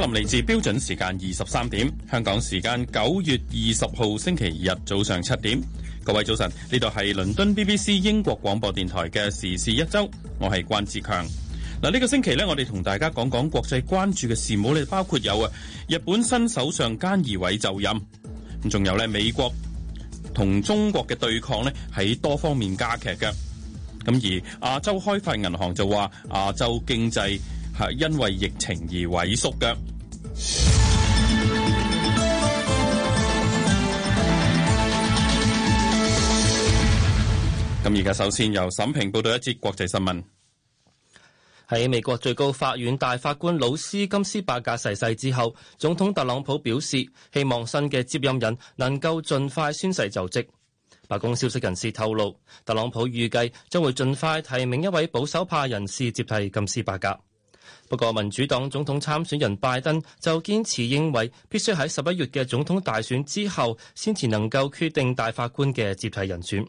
林嚟自標準時間二十三點，香港時間九月二十號星期日早上七點。各位早晨，呢度係倫敦 BBC 英國廣播電台嘅時事一周，我係關志強。嗱，呢個星期咧，我哋同大家講講國際關注嘅事務咧，包括有啊，日本新首相菅義偉就任，仲有咧，美國同中國嘅對抗咧喺多方面加劇嘅。咁而亞洲開發銀行就話亞洲經濟。係因為疫情而萎縮嘅。咁而家首先由沈平報道一節國際新聞。喺美國最高法院大法官魯斯金斯伯格逝世之後，總統特朗普表示希望新嘅接任人能夠盡快宣誓就職。白宮消息人士透露，特朗普預計將會盡快提名一位保守派人士接替金斯伯格。不過，民主黨總統參選人拜登就堅持認為，必須喺十一月嘅總統大選之後，先至能夠決定大法官嘅接替人選。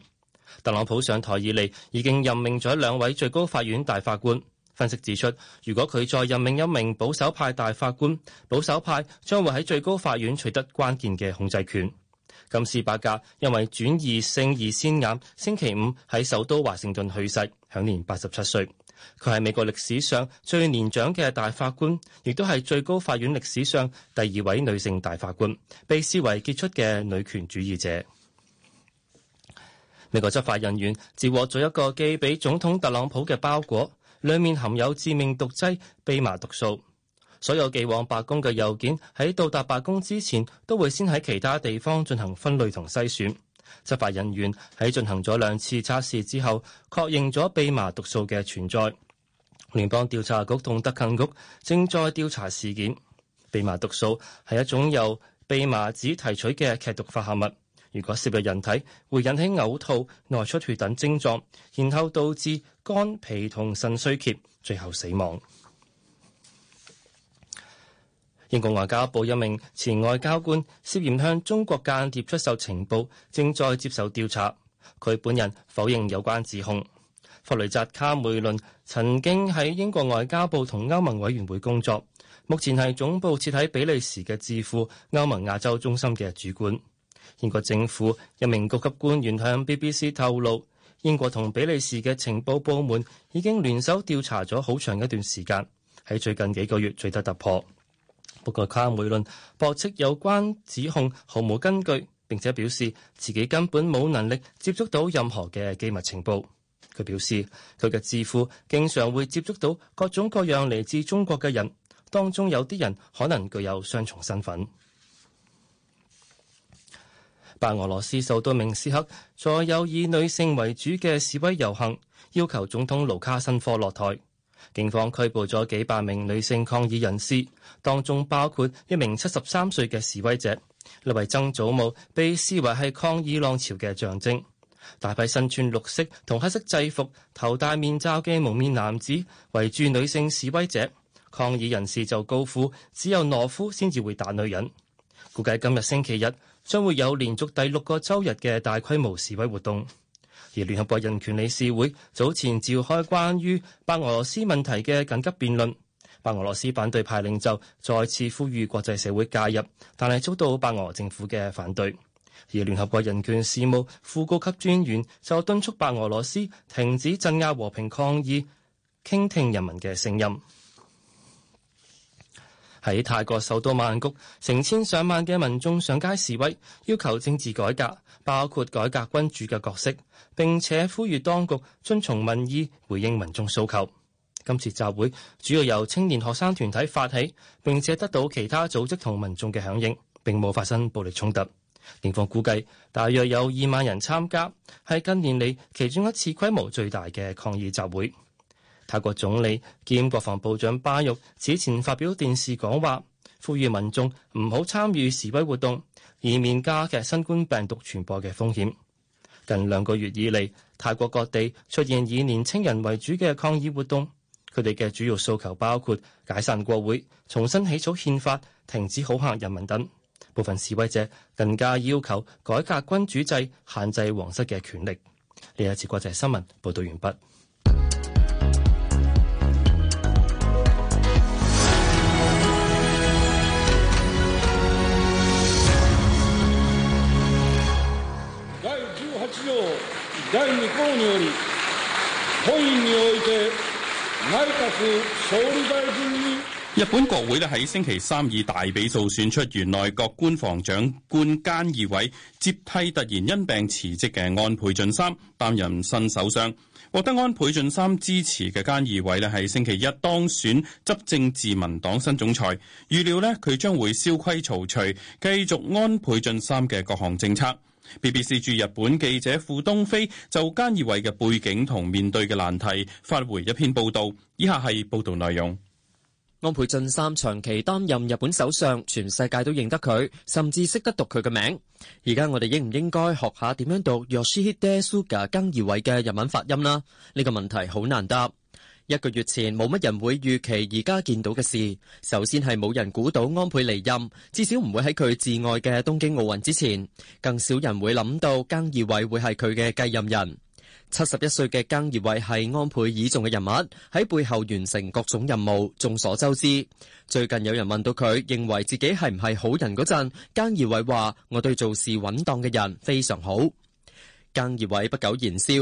特朗普上台以嚟，已經任命咗兩位最高法院大法官。分析指出，如果佢再任命一名保守派大法官，保守派將會喺最高法院取得關鍵嘅控制權。金斯伯格因為轉移性胰腺癌，星期五喺首都華盛頓去世，享年八十七歲。佢係美國歷史上最年長嘅大法官，亦都係最高法院歷史上第二位女性大法官，被視為傑出嘅女權主義者。美國執法人員截獲咗一個寄俾總統特朗普嘅包裹，裏面含有致命毒劑——蓖麻毒素。所有寄往白宮嘅郵件喺到達白宮之前，都會先喺其他地方進行分類同篩選。執法人員喺進行咗兩次測試之後，確認咗蓖麻毒素嘅存在。聯邦調查局同特勤局正在調查事件。蓖麻毒素係一種由蓖麻子提取嘅劇毒化合物，如果攝入人體，會引起嘔吐、內出血等症狀，然後導致肝脾同腎衰竭，最後死亡。英國外交部一名前外交官涉嫌向中國間諜出售情報，正在接受調查。佢本人否認有關指控。弗雷澤卡梅倫曾經喺英國外交部同歐盟委員會工作，目前係總部設喺比利時嘅智庫歐盟亞洲中心嘅主管。英國政府一名高級官員向 BBC 透露，英國同比利時嘅情報部門已經聯手調查咗好長一段時間，喺最近幾個月取得突破。不過卡梅倫駁斥有關指控毫無根據，並且表示自己根本冇能力接觸到任何嘅機密情報。佢表示佢嘅智庫經常會接觸到各種各樣嚟自中國嘅人，當中有啲人可能具有雙重身份。白俄羅斯首都明斯克再有以女性為主嘅示威遊行，要求總統盧卡申科落台。警方拘捕咗幾百名女性抗議人士，當中包括一名七十三歲嘅示威者，呢位曾祖母被視為係抗議浪潮嘅象徵。大批身穿綠色同黑色制服、頭戴面罩嘅蒙面男子圍住女性示威者，抗議人士就高呼：只有懦夫先至會打女人。估計今日星期日將會有連續第六個周日嘅大規模示威活動。而聯合國人權理事會早前召開關於白俄羅斯問題嘅緊急辯論，白俄羅斯反對派領袖再次呼籲國際社會介入，但係遭到白俄政府嘅反對。而聯合國人權事務副高級專員就敦促白俄羅斯停止鎮壓和平抗議，傾聽人民嘅聲音。喺泰國首都曼谷，成千上萬嘅民眾上街示威，要求政治改革。包括改革君主嘅角色，並且呼籲當局遵從民意，回應民眾訴求。今次集會主要由青年學生團體發起，並且得到其他組織同民眾嘅響應，並冇發生暴力衝突。警方估計大約有二萬人參加，係近年嚟其中一次規模最大嘅抗議集會。泰國總理兼國防部長巴育此前發表電視講話，呼籲民眾唔好參與示威活動，以免加劇新冠病毒傳播嘅風險。近兩個月以嚟，泰國各地出現以年輕人為主嘅抗議活動，佢哋嘅主要訴求包括解散國會、重新起草憲法、停止恐嚇人民等。部分示威者更加要求改革君主制、限制皇室嘅權力。呢一次國際新聞報道完畢。日本國會咧喺星期三以大比數選出原內閣官房長官菅義偉，接替突然因病辭職嘅安倍晉三擔任新首相。獲得安倍晉三支持嘅菅義偉咧喺星期一當選執政自民黨新總裁，預料咧佢將會蕭規曹隨，繼續安倍晉三嘅各項政策。BBC 駐日本記者傅東飛就菅義偉嘅背景同面對嘅難題發回一篇報道。以下係報道內容：安倍晉三長期擔任日本首相，全世界都認得佢，甚至識得讀佢嘅名。而家我哋應唔應該學下點樣讀 Yoshihide Suga 菅義偉嘅日文發音啦？呢、這個問題好難答。一個月前，冇乜人會預期而家見到嘅事。首先係冇人估到安倍離任，至少唔會喺佢至愛嘅東京奧運之前。更少人會諗到菅義偉會係佢嘅繼任人。七十一歲嘅菅義偉係安倍倚重嘅人物，喺背後完成各種任務。眾所周知，最近有人問到佢認為自己係唔係好人嗰陣，菅義偉話：我對做事穩當嘅人非常好。菅義偉不苟言笑。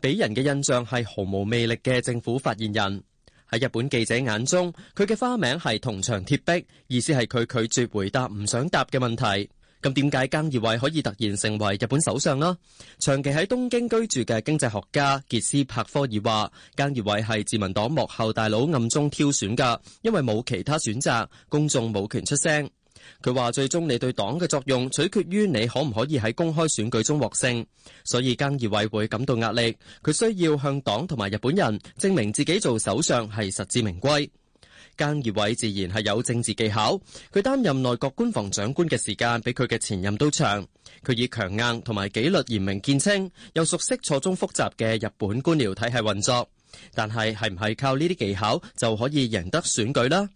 俾人嘅印象係毫無魅力嘅政府發言人，喺日本記者眼中，佢嘅花名係銅牆鐵壁，意思係佢拒絕回答唔想答嘅問題。咁點解菅義偉可以突然成為日本首相呢？長期喺東京居住嘅經濟學家傑斯帕科爾話，菅義偉係自民黨幕後大佬暗中挑選噶，因為冇其他選擇，公眾冇權出聲。佢話最終你對黨嘅作用取決於你可唔可以喺公開選舉中獲勝，所以菅義偉會感到壓力。佢需要向黨同埋日本人證明自己做首相係實至名歸。菅義偉自然係有政治技巧，佢擔任內閣官房長官嘅時間比佢嘅前任都長。佢以強硬同埋紀律嚴明見稱，又熟悉錯綜複雜嘅日本官僚體系運作。但係係唔係靠呢啲技巧就可以贏得選舉啦？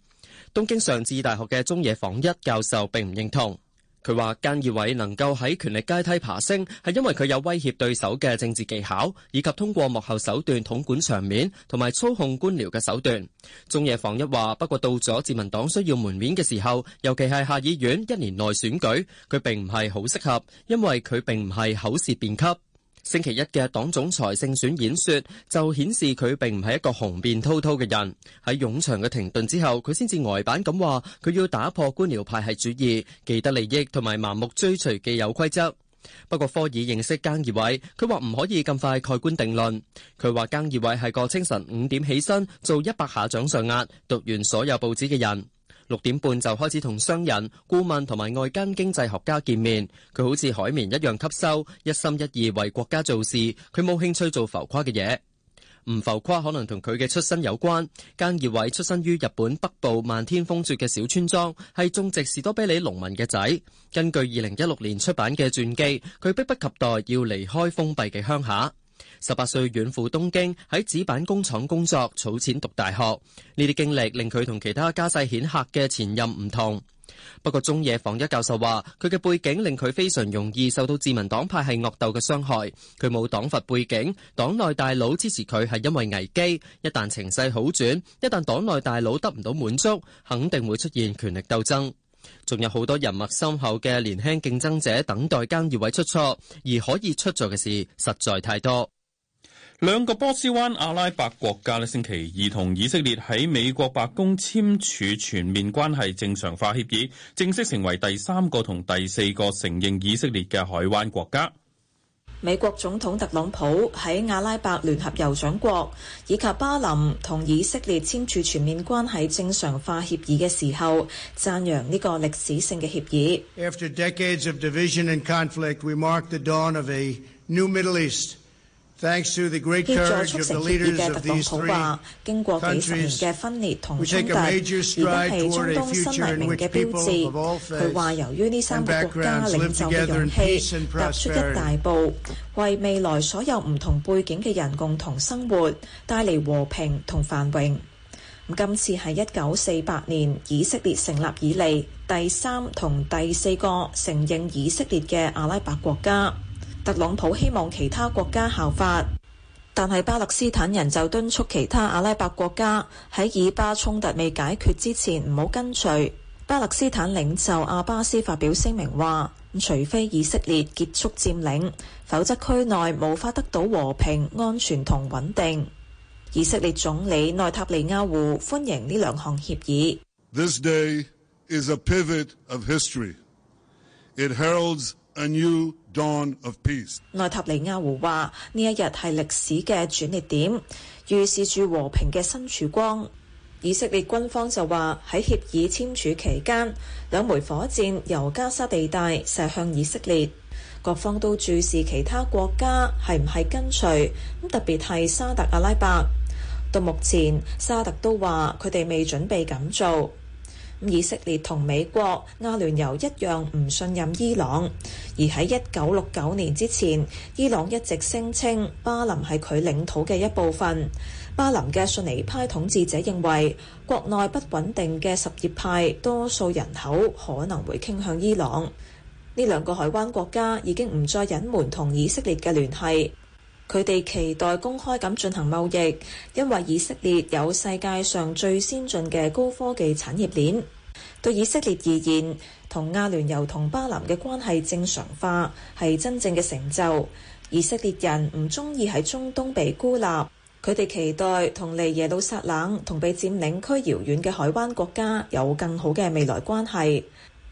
東京上智大學嘅中野房一教授並唔認同，佢話菅義偉能夠喺權力階梯爬升，係因為佢有威脅對手嘅政治技巧，以及通過幕後手段統管場面同埋操控官僚嘅手段。中野房一話，不過到咗自民黨需要門面嘅時候，尤其係下議院一年內選舉，佢並唔係好適合，因為佢並唔係口舌辯給。星期一嘅黨總裁勝選演說就顯示佢並唔係一個雄辯滔滔嘅人。喺冗長嘅停頓之後，佢先至呆板咁話佢要打破官僚派系主義、既得利益同埋盲目追隨既有規則。不過，科爾認識菅義偉，佢話唔可以咁快蓋棺定論。佢話菅義偉係個清晨五點起身做一百下掌上壓、讀完所有報紙嘅人。六點半就開始同商人、顧問同埋外間經濟學家見面，佢好似海綿一樣吸收，一心一意為國家做事。佢冇興趣做浮誇嘅嘢，唔浮誇可能同佢嘅出身有關。菅義偉出身於日本北部漫天風雪嘅小村莊，係種植士多啤梨農民嘅仔。根據二零一六年出版嘅傳記，佢迫不及待要離開封閉嘅鄉下。十八歲遠赴東京，喺紙板工廠工作，儲錢讀大學。呢啲經歷令佢同其他家世顯赫嘅前任唔同。不過中野房一教授話，佢嘅背景令佢非常容易受到自民黨派系惡鬥嘅傷害。佢冇黨閥背景，黨內大佬支持佢係因為危機。一旦情勢好轉，一旦黨內大佬得唔到滿足，肯定會出現權力鬥爭。仲有好多人脈深厚嘅年輕競爭者等待菅義偉出錯，而可以出錯嘅事實在太多。兩個波斯灣阿拉伯國家呢星期二同以色列喺美國白宮簽署全面關係正常化協議，正式成為第三個同第四個承認以色列嘅海灣國家。美國總統特朗普喺阿拉伯聯合酋長國以及巴林同以色列簽署全面關係正常化協議嘅時候，讚揚呢個歷史性嘅協議。After decades of division and conflict, we mark the dawn of a new Middle East. 協助促成協議嘅特朗普話，經過幾十年嘅分裂同衝突，而家係中東新黎明嘅標誌。佢話，由於呢三個國家領袖嘅勇氣，踏出一大步，為未來所有唔同背景嘅人共同生活帶嚟和平同繁榮。咁今次係一九四八年以色列成立以嚟第三同第四個承認以色列嘅阿拉伯國家。特朗普希望其他國家效法，但係巴勒斯坦人就敦促其他阿拉伯國家喺以巴衝突未解決之前唔好跟隨。巴勒斯坦領袖阿巴斯發表聲明話，除非以色列結束佔領，否則區內無法得到和平、安全同穩定。以色列總理內塔尼亞胡歡迎呢兩項協議。A new dawn of peace. 內塔尼亞胡話：呢一日係歷史嘅轉捩點，預示住和平嘅新曙光。以色列軍方就話，喺協議簽署期間，兩枚火箭由加沙地帶射向以色列。各方都注視其他國家係唔係跟隨，咁特別係沙特阿拉伯。到目前，沙特都話佢哋未準備咁做。以色列同美國、阿聯酋一樣唔信任伊朗，而喺一九六九年之前，伊朗一直聲稱巴林係佢領土嘅一部分。巴林嘅遜尼派統治者認為國內不穩定嘅什葉派多數人口可能會傾向伊朗。呢兩個海灣國家已經唔再隱瞞同以色列嘅聯繫。佢哋期待公開咁進行貿易，因為以色列有世界上最先進嘅高科技產業鏈。對以色列而言，同阿聯酋同巴林嘅關係正常化係真正嘅成就。以色列人唔中意喺中東被孤立，佢哋期待同離耶路撒冷同被佔領區遙遠嘅海灣國家有更好嘅未來關係。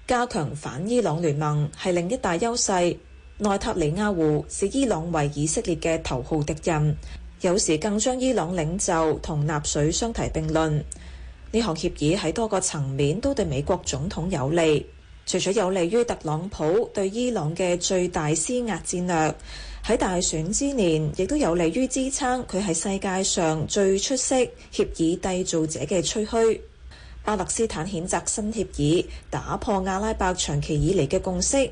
加強反伊朗聯盟係另一大優勢。內塔尼亞胡視伊朗為以色列嘅頭號敵人，有時更將伊朗領袖同納粹相提並論。呢項協議喺多個層面都對美國總統有利，除咗有利於特朗普對伊朗嘅最大施壓戰略，喺大選之年亦都有利於支撐佢係世界上最出色協議製造者嘅吹噓。巴勒斯坦譴責新協議打破阿拉伯長期以嚟嘅共識。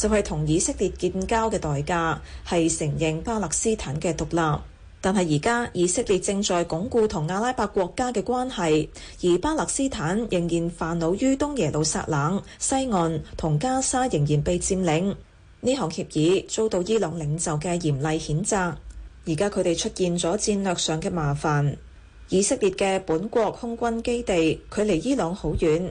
就係同以色列建交嘅代價，係承認巴勒斯坦嘅獨立，但係而家以色列正在鞏固同阿拉伯國家嘅關係，而巴勒斯坦仍然煩惱於東耶路撒冷、西岸同加沙仍然被佔領。呢項協議遭到伊朗領袖嘅嚴厲譴責，而家佢哋出現咗戰略上嘅麻煩。以色列嘅本國空軍基地距離伊朗好遠。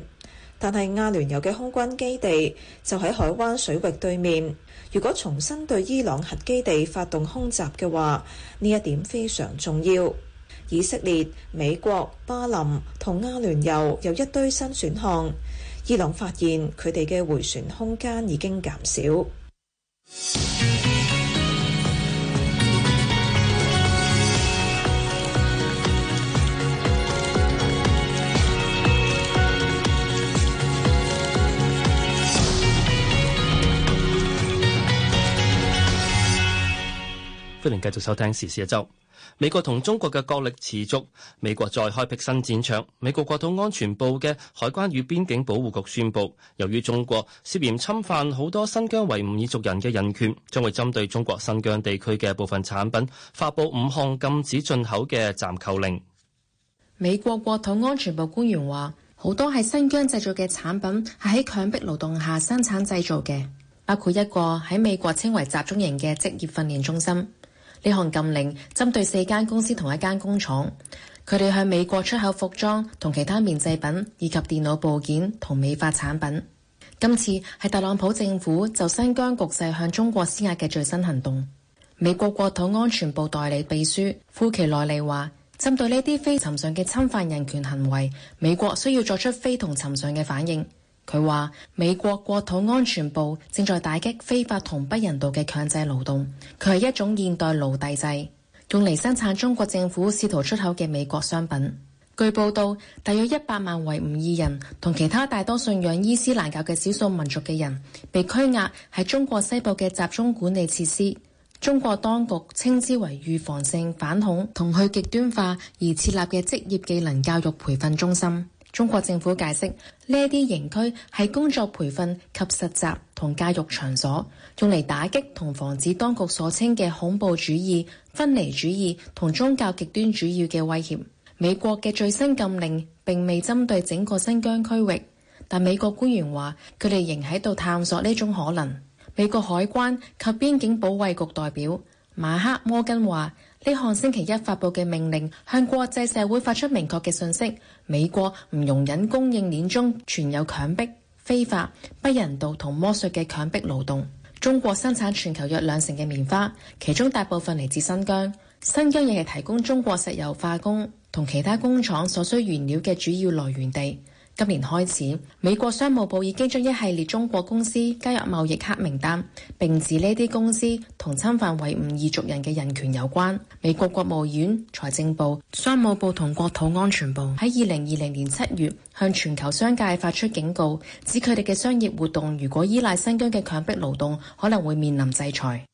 但係，阿聯酋嘅空軍基地就喺海灣水域對面。如果重新對伊朗核基地發動空襲嘅話，呢一點非常重要。以色列、美國、巴林同阿聯酋有一堆新選項。伊朗發現佢哋嘅迴旋空間已經減少。歡迎繼續收聽時事一周。美國同中國嘅角力持續，美國再開闢新戰場。美國國土安全部嘅海關與邊境保護局宣佈，由於中國涉嫌侵犯好多新疆維吾爾族人嘅人權，將會針對中國新疆地區嘅部分產品發佈五項禁止進口嘅暫扣令。美國國土安全部官員話，好多喺新疆製造嘅產品係喺強迫勞動下生產製造嘅，包括一個喺美國稱為集中營嘅職業訓練中心。呢項禁令針對四間公司同一間工廠，佢哋向美國出口服裝同其他棉製品，以及電腦部件同美化產品。今次係特朗普政府就新疆局勢向中國施壓嘅最新行動。美國國土安全部代理秘書夫奇內利話，針對呢啲非尋常嘅侵犯人權行為，美國需要作出非同尋常嘅反應。佢話：美國國土安全部正在打擊非法同不人道嘅強制勞動，佢係一種現代奴隸制，用嚟生產中國政府試圖出口嘅美國商品。據報道，大約一百萬維吾爾人同其他大多信仰伊斯蘭教嘅少數民族嘅人被拘押喺中國西部嘅集中管理設施。中國當局稱之為預防性反恐同去極端化而設立嘅職業技能教育培訓中心。中國政府解釋，呢啲營區係工作培訓及實習同教育場所，用嚟打擊同防止當局所稱嘅恐怖主義、分離主義同宗教極端主義嘅威脅。美國嘅最新禁令並未針對整個新疆區域，但美國官員話佢哋仍喺度探索呢種可能。美國海關及邊境保衛局代表。馬克摩根話，呢項星期一發佈嘅命令，向國際社會發出明確嘅信息，美國唔容忍供應鏈中存有強迫、非法、不人道同剝削嘅強迫勞動。中國生產全球約兩成嘅棉花，其中大部分嚟自新疆，新疆亦係提供中國石油化工同其他工廠所需原料嘅主要來源地。今年開始，美國商務部已經將一系列中國公司加入貿易黑名單，並指呢啲公司同侵犯維吾爾族人嘅人權有關。美國國務院、財政部、商務部同國土安全部喺二零二零年七月向全球商界發出警告，指佢哋嘅商業活動如果依賴新疆嘅強迫勞動，可能會面臨制裁。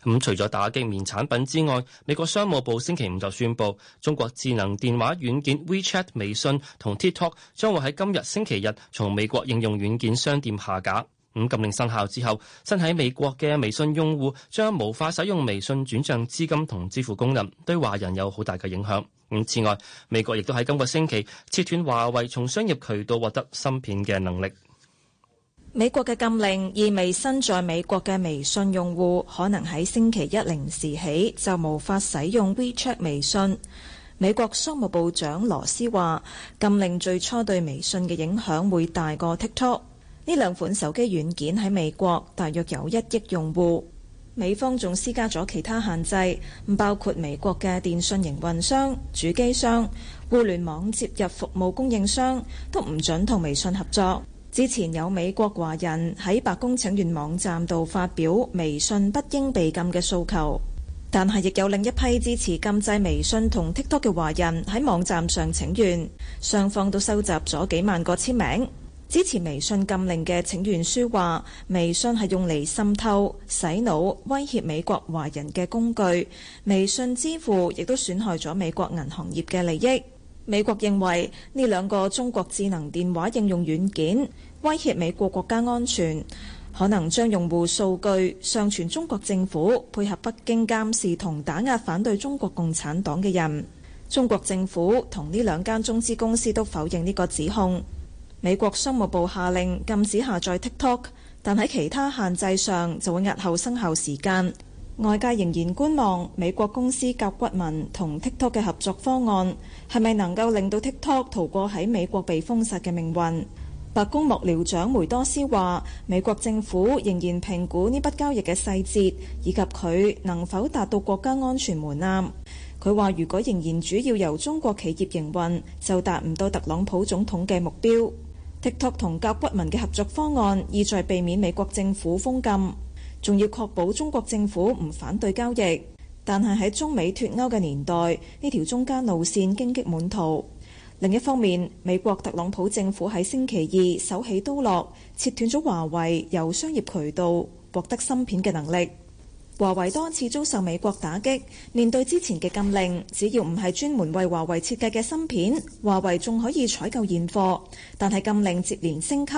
咁、嗯、除咗打擊棉產品之外，美國商務部星期五就宣布，中國智能電話軟件 WeChat 微信同 TikTok 將會喺今日星期日從美國應用軟件商店下架。咁、嗯、禁令生效之後，身喺美國嘅微信用戶將無法使用微信轉賬資金同支付功能，對華人有好大嘅影響。咁、嗯、此外，美國亦都喺今個星期切斷華為從商業渠道獲得芯片嘅能力。美國嘅禁令意味身在美國嘅微信用戶可能喺星期一零時起就無法使用 WeChat 微信。美國商務部長羅斯話，禁令最初對微信嘅影響會大過 TikTok。呢兩款手機軟件喺美國大約有一億用戶。美方仲施加咗其他限制，包括美國嘅電信營運商、主機商、互聯網接入服務供應商都唔準同微信合作。之前有美國華人喺白宮請願網站度發表微信不應被禁嘅訴求，但係亦有另一批支持禁制微信同 TikTok 嘅華人喺網站上請願，雙方都收集咗幾萬個簽名，支持微信禁令嘅請願書話：微信係用嚟滲透、洗腦、威脅美國華人嘅工具，微信支付亦都損害咗美國銀行業嘅利益。美國認為呢兩個中國智能電話應用軟件威脅美國國家安全，可能將用戶數據上傳中國政府，配合北京監視同打壓反對中國共產黨嘅人。中國政府同呢兩間中資公司都否認呢個指控。美國商務部下令禁止下載 TikTok，但喺其他限制上就會押後生效時間。外界仍然觀望美國公司甲骨文同 TikTok 嘅合作方案，係咪能夠令到 TikTok 逃過喺美國被封殺嘅命運。白宮幕僚長梅多斯話，美國政府仍然評估呢筆交易嘅細節，以及佢能否達到國家安全門檻。佢話，如果仍然主要由中國企業營運，就達唔到特朗普總統嘅目標。TikTok 同甲骨文嘅合作方案意在避免美國政府封禁。仲要確保中國政府唔反對交易，但係喺中美脫歐嘅年代，呢條中間路線荊棘滿途。另一方面，美國特朗普政府喺星期二手起刀落，切斷咗華為由商業渠道獲得芯片嘅能力。華為多次遭受美國打擊，面對之前嘅禁令，只要唔係專門為華為設計嘅芯片，華為仲可以採購現貨。但係禁令接連升級，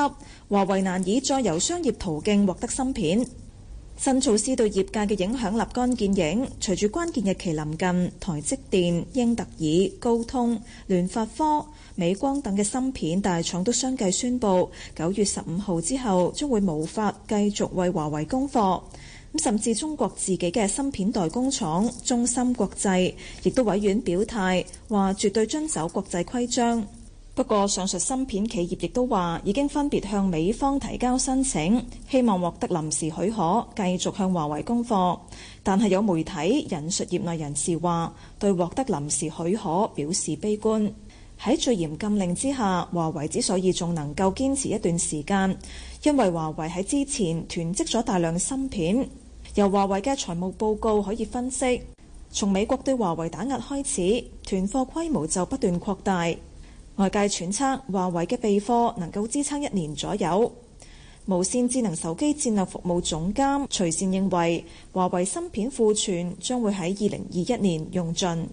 華為難以再由商業途徑獲得芯片。新措施對業界嘅影響立竿見影，隨住關鍵日期臨近，台積電、英特爾、高通、聯發科、美光等嘅芯片大廠都相繼宣布，九月十五號之後將會無法繼續為華為供貨。咁甚至中國自己嘅芯片代工廠中芯國際，亦都委員表態話絕對遵守國際規章。不過，上述芯片企業亦都話已經分別向美方提交申請，希望獲得臨時許可，繼續向華為供貨。但係有媒體引述業內人士話，對獲得臨時許可表示悲觀。喺最嚴禁令之下，華為之所以仲能夠堅持一段時間，因為華為喺之前囤積咗大量芯片。由華為嘅財務報告可以分析，從美國對華為打壓開始，囤貨規模就不斷擴大。外界揣測，華為嘅備貨能夠支撐一年左右。無線智能手機戰略服務總監徐善認為華為芯片庫存將會喺二零二一年用盡。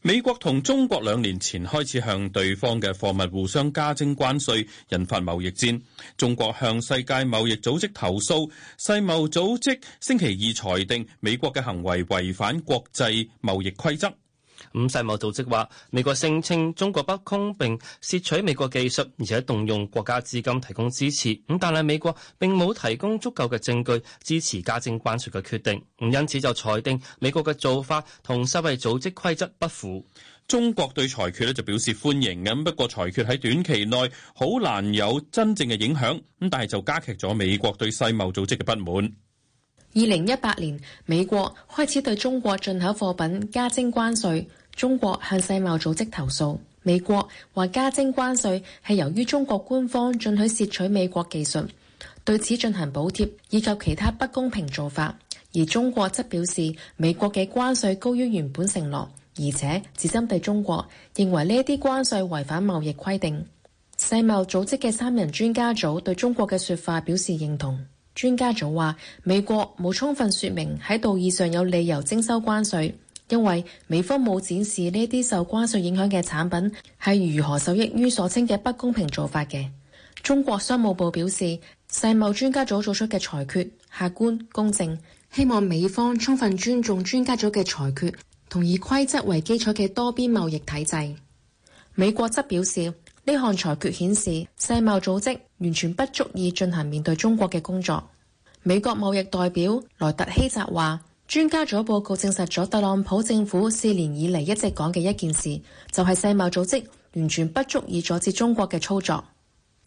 美國同中國兩年前開始向對方嘅貨物互相加徵關稅，引發貿易戰。中國向世界貿易組織投訴，世貿組織星期二裁定美國嘅行為違反國際貿易規則。五世貿組織話，美國聲稱中國不公，並竊取美國技術，而且動用國家資金提供支持。咁但係美國並冇提供足夠嘅證據支持加徵關稅嘅決定。因此就裁定美國嘅做法同世貿組織規則不符。中國對裁決咧就表示歡迎嘅，不過裁決喺短期內好難有真正嘅影響。咁但係就加劇咗美國對世貿組織嘅不滿。二零一八年，美國開始對中國進口貨品加徵關稅。中國向世貿組織投訴，美國話加徵關稅係由於中國官方准許竊取美國技術，對此進行補貼以及其他不公平做法。而中國則表示，美國嘅關稅高於原本承諾，而且只針對中國，認為呢一啲關稅違反貿易規定。世貿組織嘅三人專家組對中國嘅說法表示認同。專家組話，美國冇充分說明喺道義上有理由徵收關稅。因為美方冇展示呢啲受關稅影響嘅產品係如何受益於所稱嘅不公平做法嘅。中國商務部表示，世貿專家組做出嘅裁決客觀公正，希望美方充分尊重專家組嘅裁決，同以規則為基礎嘅多邊貿易體制。美國則表示，呢項裁決顯示世貿組織完全不足以進行面對中國嘅工作。美國貿易代表萊特希澤話。專家組報告證實咗特朗普政府四年以嚟一直講嘅一件事，就係世貿組織完全不足以阻止中國嘅操作。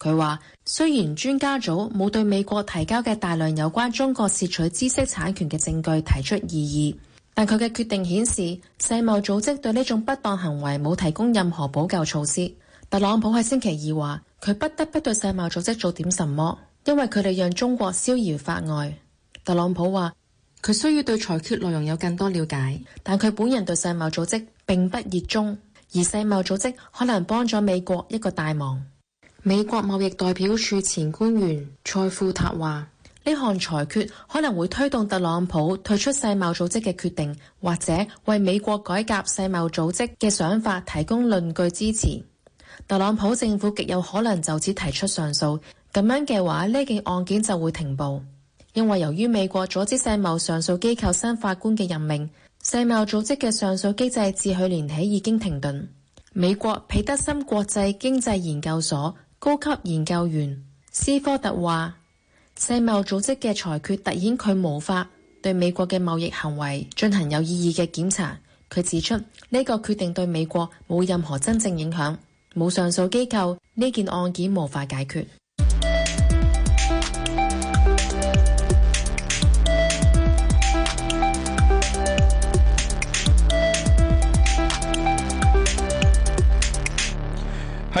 佢話雖然專家組冇對美國提交嘅大量有關中國竊取知識產權嘅證據提出異議，但佢嘅決定顯示世貿組織對呢種不當行為冇提供任何補救措施。特朗普喺星期二話，佢不得不對世貿組織做點什麼，因為佢哋讓中國逍遙法外。特朗普話。佢需要對裁決內容有更多了解，但佢本人對世貿組織並不熱衷，而世貿組織可能幫咗美國一個大忙。美國貿易代表處前官員蔡富塔話，呢項裁決可能會推動特朗普退出世貿組織嘅決定，或者為美國改革世貿組織嘅想法提供論據支持。特朗普政府極有可能就此提出上訴，咁樣嘅話，呢件案件就會停步。因為由於美國阻止世貿上訴機構新法官嘅任命，世貿組織嘅上訴機制自去年起已經停頓。美國彼得森國際經濟研究所高級研究員斯科特話，世貿組織嘅裁決突顯佢無法對美國嘅貿易行為進行有意義嘅檢查。佢指出，呢個決定對美國冇任何真正影響。冇上訴機構，呢件案件無法解決。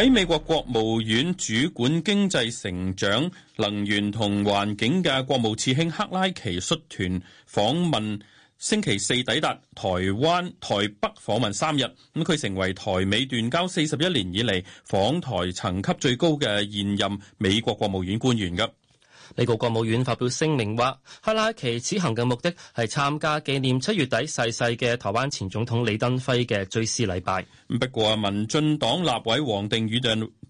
喺美國國務院主管經濟、成長、能源同環境嘅國務次卿克拉奇率團訪問，星期四抵達台灣台北訪問三日。咁佢成為台美斷交四十一年以嚟訪台層級最高嘅現任美國國務院官員嘅。美國國務院發表聲明話，克拉奇此行嘅目的係參加紀念七月底逝世嘅台灣前總統李登輝嘅追思禮拜。不過民進黨立委王定宇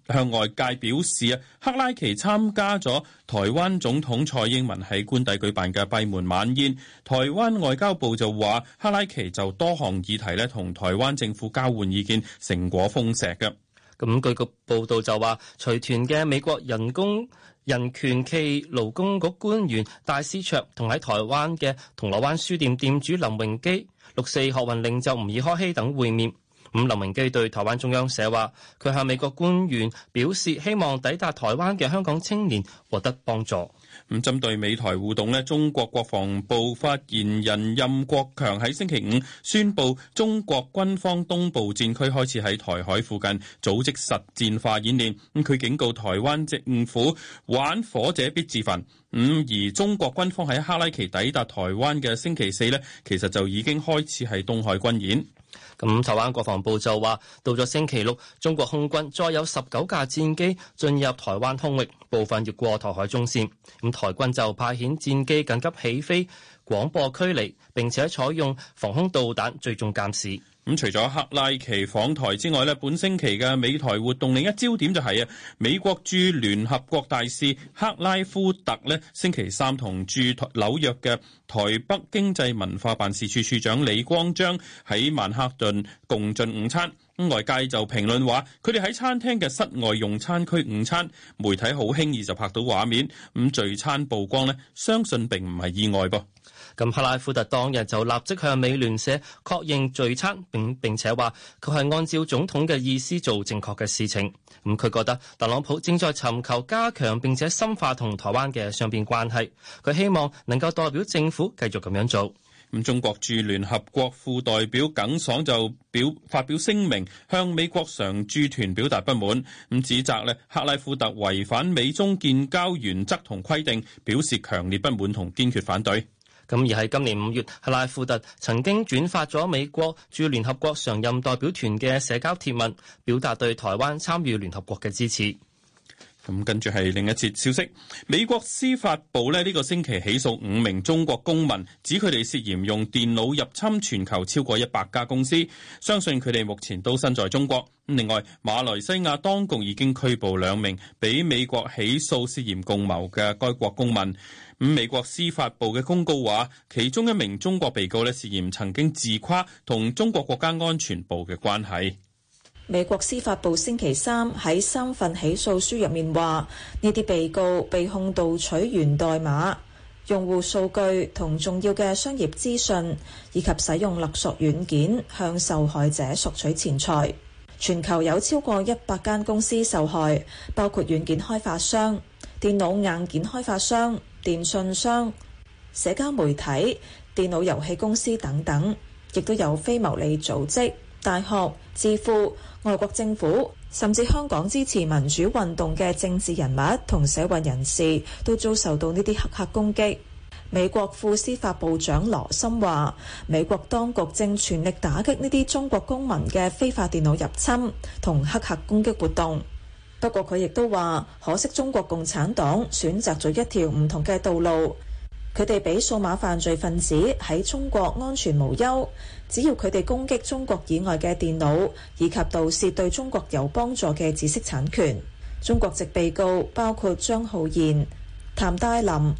向外界表示啊，克拉奇參加咗台灣總統蔡英文喺官邸舉辦嘅閉門晚宴。台灣外交部就話，克拉奇就多項議題咧同台灣政府交換意見，成果豐碩嘅。咁據個報道就話，隨團嘅美國人工。人權暨勞工局官員戴思卓同喺台灣嘅銅鑼灣書店店主林榮基、六四學運領袖吾爾開希等會面。咁林榮基對台灣中央社話，佢向美國官員表示希望抵達台灣嘅香港青年獲得幫助。咁針對美台互動咧，中國國防部發言人任國強喺星期五宣布，中國軍方東部戰區開始喺台海附近組織實戰化演練。咁佢警告台灣政府玩火者必自焚。咁、嗯、而中國軍方喺克拉奇抵達台灣嘅星期四咧，其實就已經開始係東海軍演。咁台灣國防部就話，到咗星期六，中國空軍再有十九架戰機進入台灣空域，部分越過台海中線。咁台軍就派遣戰機緊急起飛，廣播驅離，並且採用防空導彈追蹤監視。咁除咗克拉奇訪台之外咧，本星期嘅美台活動另一焦點就係啊，美國駐聯合國大使克拉夫特咧，星期三同駐紐約嘅台北經濟文化辦事處處長李光章喺曼克頓共進午餐。外界就評論話，佢哋喺餐廳嘅室外用餐區午餐，媒體好輕易就拍到畫面，咁聚餐曝光呢，相信並唔係意外噃。咁，克拉夫特當日就立即向美聯社確認聚餐，並並且話佢係按照總統嘅意思做正確嘅事情。咁佢覺得特朗普正在尋求加強並且深化同台灣嘅雙邊關係，佢希望能夠代表政府繼續咁樣做。咁，中國駐聯合國副代表耿爽就表發表聲明，向美國常駐團表達不滿，咁指責咧克拉夫特違反美中建交原則同規定，表示強烈不滿同堅決反對。咁而喺今年五月，克拉夫特曾經轉發咗美國駐聯合國常任代表團嘅社交貼文，表達對台灣參與聯合國嘅支持。咁跟住係另一節消息，美國司法部呢呢個星期起訴五名中國公民，指佢哋涉嫌用電腦入侵全球超過一百家公司，相信佢哋目前都身在中國。另外，馬來西亞當局已經拘捕兩名被美國起訴涉嫌共謀嘅該國公民。咁美國司法部嘅公告話，其中一名中國被告咧，涉嫌曾經自誇同中國國家安全部嘅關係。美國司法部星期三喺三份起訴書入面話，呢啲被告被控盜取源代碼、用戶數據同重要嘅商業資訊，以及使用勒索軟件向受害者索取錢財。全球有超過一百間公司受害，包括軟件開發商、電腦硬件開發商。電信商、社交媒體、電腦遊戲公司等等，亦都有非牟利組織、大學智庫、外國政府，甚至香港支持民主運動嘅政治人物同社運人士，都遭受到呢啲黑客攻擊。美國副司法部長羅森話：美國當局正全力打擊呢啲中國公民嘅非法電腦入侵同黑客攻擊活動。不過佢亦都話：可惜中國共產黨選擇咗一條唔同嘅道路，佢哋俾數碼犯罪分子喺中國安全無憂，只要佢哋攻擊中國以外嘅電腦，以及盜竊對中國有幫助嘅知識產權。中國籍被告包括張浩然、譚大林，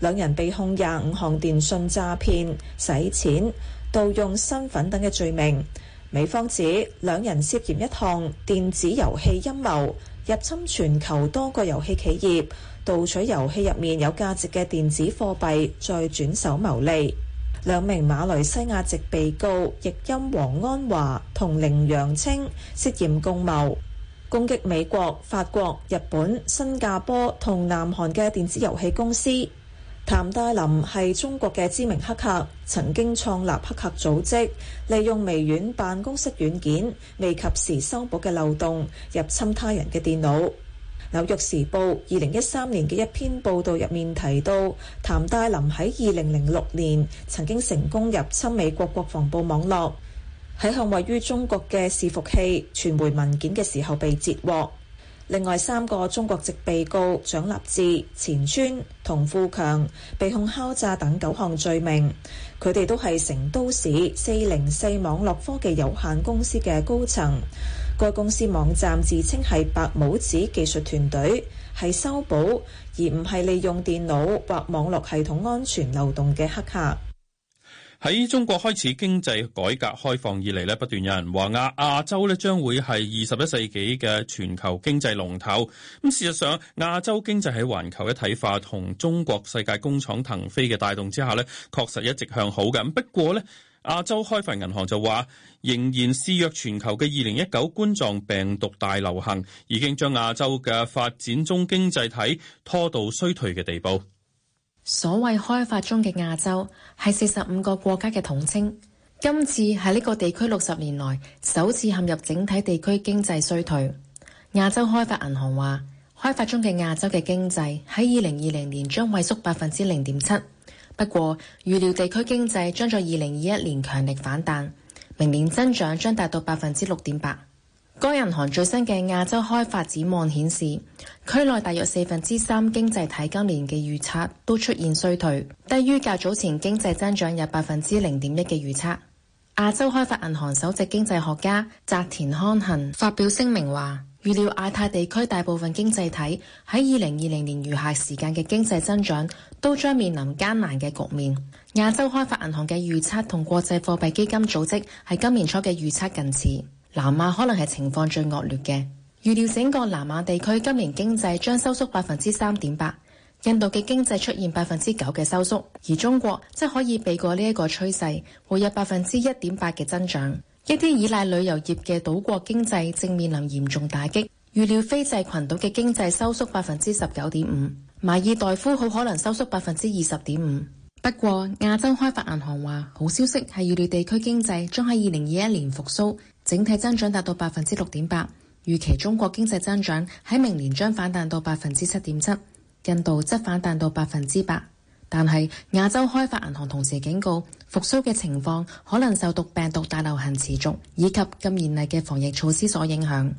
兩人被控廿五項電訊詐騙、洗錢、盜用身份等嘅罪名。美方指兩人涉嫌一項電子遊戲陰謀。入侵全球多個遊戲企業，盜取遊戲入面有價值嘅電子貨幣，再轉手牟利。兩名馬來西亞籍被告，亦因黃安華同凌洋清涉嫌共謀攻擊美國、法國、日本、新加坡同南韓嘅電子遊戲公司。譚大林係中國嘅知名黑客，曾經創立黑客組織，利用微軟辦公室軟件未及時修補嘅漏洞入侵他人嘅電腦。紐約時報二零一三年嘅一篇報導入面提到，譚大林喺二零零六年曾經成功入侵美國國防部網絡，喺向位於中國嘅伺服器傳回文件嘅時候被截獲。另外三個中國籍被告蔣立志、前川同富強被控敲詐等九項罪名，佢哋都係成都市四零四網絡科技有限公司嘅高層。該公司網站自稱係白帽子技術團隊，係修補而唔係利用電腦或網絡系統安全漏洞嘅黑客。喺中國開始經濟改革開放以嚟咧，不斷有人話亞亞洲咧將會係二十一世紀嘅全球經濟龍頭。咁事實上，亞洲經濟喺環球一體化同中國世界工廠騰飛嘅帶動之下咧，確實一直向好嘅。不過咧，亞洲開發銀行就話，仍然肆虐全球嘅二零一九冠狀病毒大流行，已經將亞洲嘅發展中經濟體拖到衰退嘅地步。所謂開發中嘅亞洲係四十五個國家嘅統稱。今次係呢個地區六十年來首次陷入整體地區經濟衰退。亞洲開發銀行話，開發中嘅亞洲嘅經濟喺二零二零年將萎縮百分之零點七，不過預料地區經濟將在二零二一年強力反彈，明年增長將達到百分之六點八。該銀行最新嘅亞洲開發展望顯示，區內大約四分之三經濟體今年嘅預測都出現衰退，低於較早前經濟增長有百分之零點一嘅預測。亞洲開發銀行首席經濟學家澤田康幸發表聲明話，預料亞太地區大部分經濟體喺二零二零年餘下時間嘅經濟增長都將面臨艱難嘅局面。亞洲開發銀行嘅預測同國際貨幣基金組織喺今年初嘅預測近似。南亞可能係情況最惡劣嘅，預料整個南亞地區今年經濟將收縮百分之三點八。印度嘅經濟出現百分之九嘅收縮，而中國則可以避過呢一個趨勢，會有百分之一點八嘅增長。一啲依賴旅遊業嘅島國經濟正面臨嚴重打擊，預料斐濟群島嘅經濟收縮百分之十九點五，馬爾代夫好可能收縮百分之二十點五。不過，亞洲開發銀行話，好消息係預料地區經濟將喺二零二一年復甦。整體增長達到百分之六點八，預期中國經濟增長喺明年將反彈到百分之七點七，印度則反彈到百分之八。但係亞洲開發銀行同時警告，復蘇嘅情況可能受到病毒大流行持續以及更嚴厲嘅防疫措施所影響。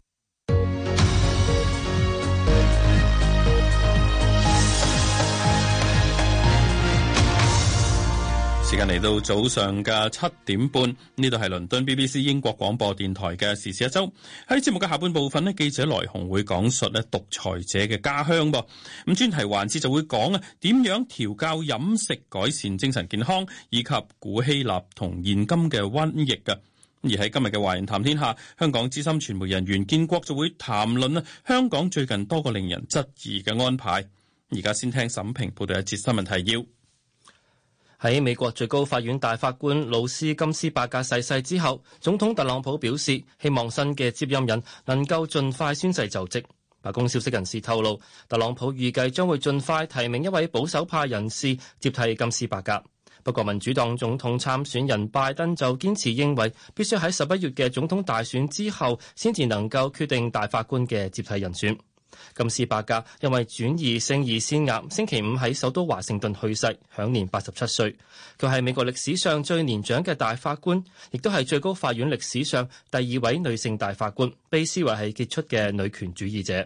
時間嚟到早上嘅七點半，呢度係倫敦 BBC 英國廣播電台嘅時事一周。喺節目嘅下半部分咧，記者來鴻會講述咧獨裁者嘅家鄉噃。咁專題環節就會講啊，點樣調教飲食改善精神健康，以及古希臘同現今嘅瘟疫嘅。而喺今日嘅華人談天下，香港資深傳媒人員袁建國就會談論咧香港最近多個令人質疑嘅安排。而家先聽沈平報道一節新聞提要。喺美國最高法院大法官魯斯金斯伯格逝世之後，總統特朗普表示希望新嘅接任人能夠盡快宣誓就職。白宮消息人士透露，特朗普預計將會盡快提名一位保守派人士接替金斯伯格。不過民主黨總統參選人拜登就堅持認為，必須喺十一月嘅總統大選之後，先至能夠決定大法官嘅接替人選。金斯伯格因為轉移性胰腺癌，星期五喺首都華盛頓去世，享年八十七歲。佢係美國歷史上最年長嘅大法官，亦都係最高法院歷史上第二位女性大法官，被視為係傑出嘅女權主義者。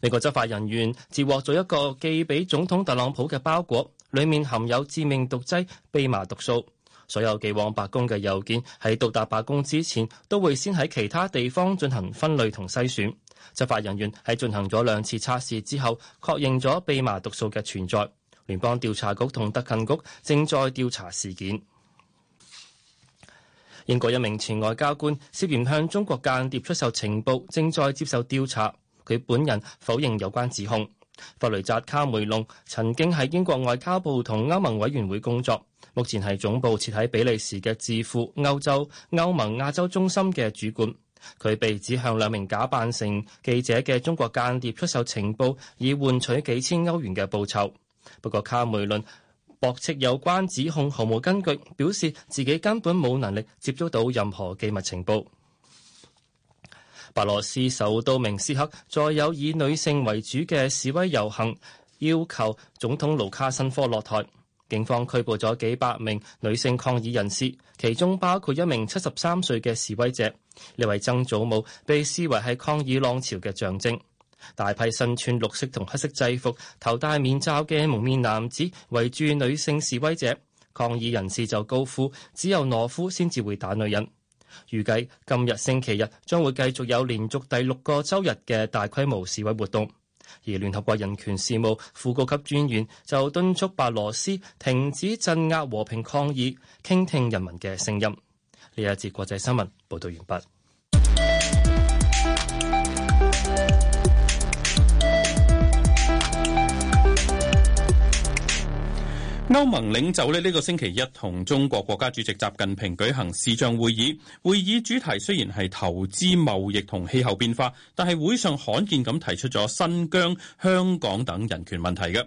美國執法人員截獲咗一個寄俾總統特朗普嘅包裹，裏面含有致命毒劑——蓖麻毒素。所有寄往白宮嘅郵件喺到達白宮之前，都會先喺其他地方進行分類同篩選。執法人員喺進行咗兩次測試之後，確認咗蓖麻毒素嘅存在。聯邦調查局同特勤局正在調查事件。英國一名前外交官涉嫌向中國間諜出售情報，正在接受調查。佢本人否認有關指控。弗雷扎卡梅隆曾經喺英國外交部同歐盟委員會工作，目前係總部設喺比利時嘅智庫歐洲歐盟亞洲中心嘅主管。佢被指向兩名假扮成記者嘅中國間諜出售情報，以換取幾千歐元嘅報酬。不過卡梅倫駁斥有關指控毫無根據，表示自己根本冇能力接觸到任何機密情報。白羅斯首都明斯克再有以女性為主嘅示威遊行，要求總統盧卡申科落台。警方拘捕咗幾百名女性抗議人士，其中包括一名七十三歲嘅示威者。呢位曾祖母被視為係抗議浪潮嘅象徵，大批身穿綠色同黑色制服、頭戴面罩嘅蒙面男子圍住女性示威者，抗議人士就高呼：只有懦夫先至會打女人。預計今日星期日將會繼續有連續第六個周日嘅大規模示威活動。而聯合國人權事務副高級專員就敦促白羅斯停止鎮壓和平抗議，傾聽人民嘅聲音。呢一節國際新聞報道完畢。歐盟領袖呢、呢個星期一同中國國家主席習近平舉行視像會議，會議主題雖然係投資、貿易同氣候變化，但係會上罕見咁提出咗新疆、香港等人權問題嘅。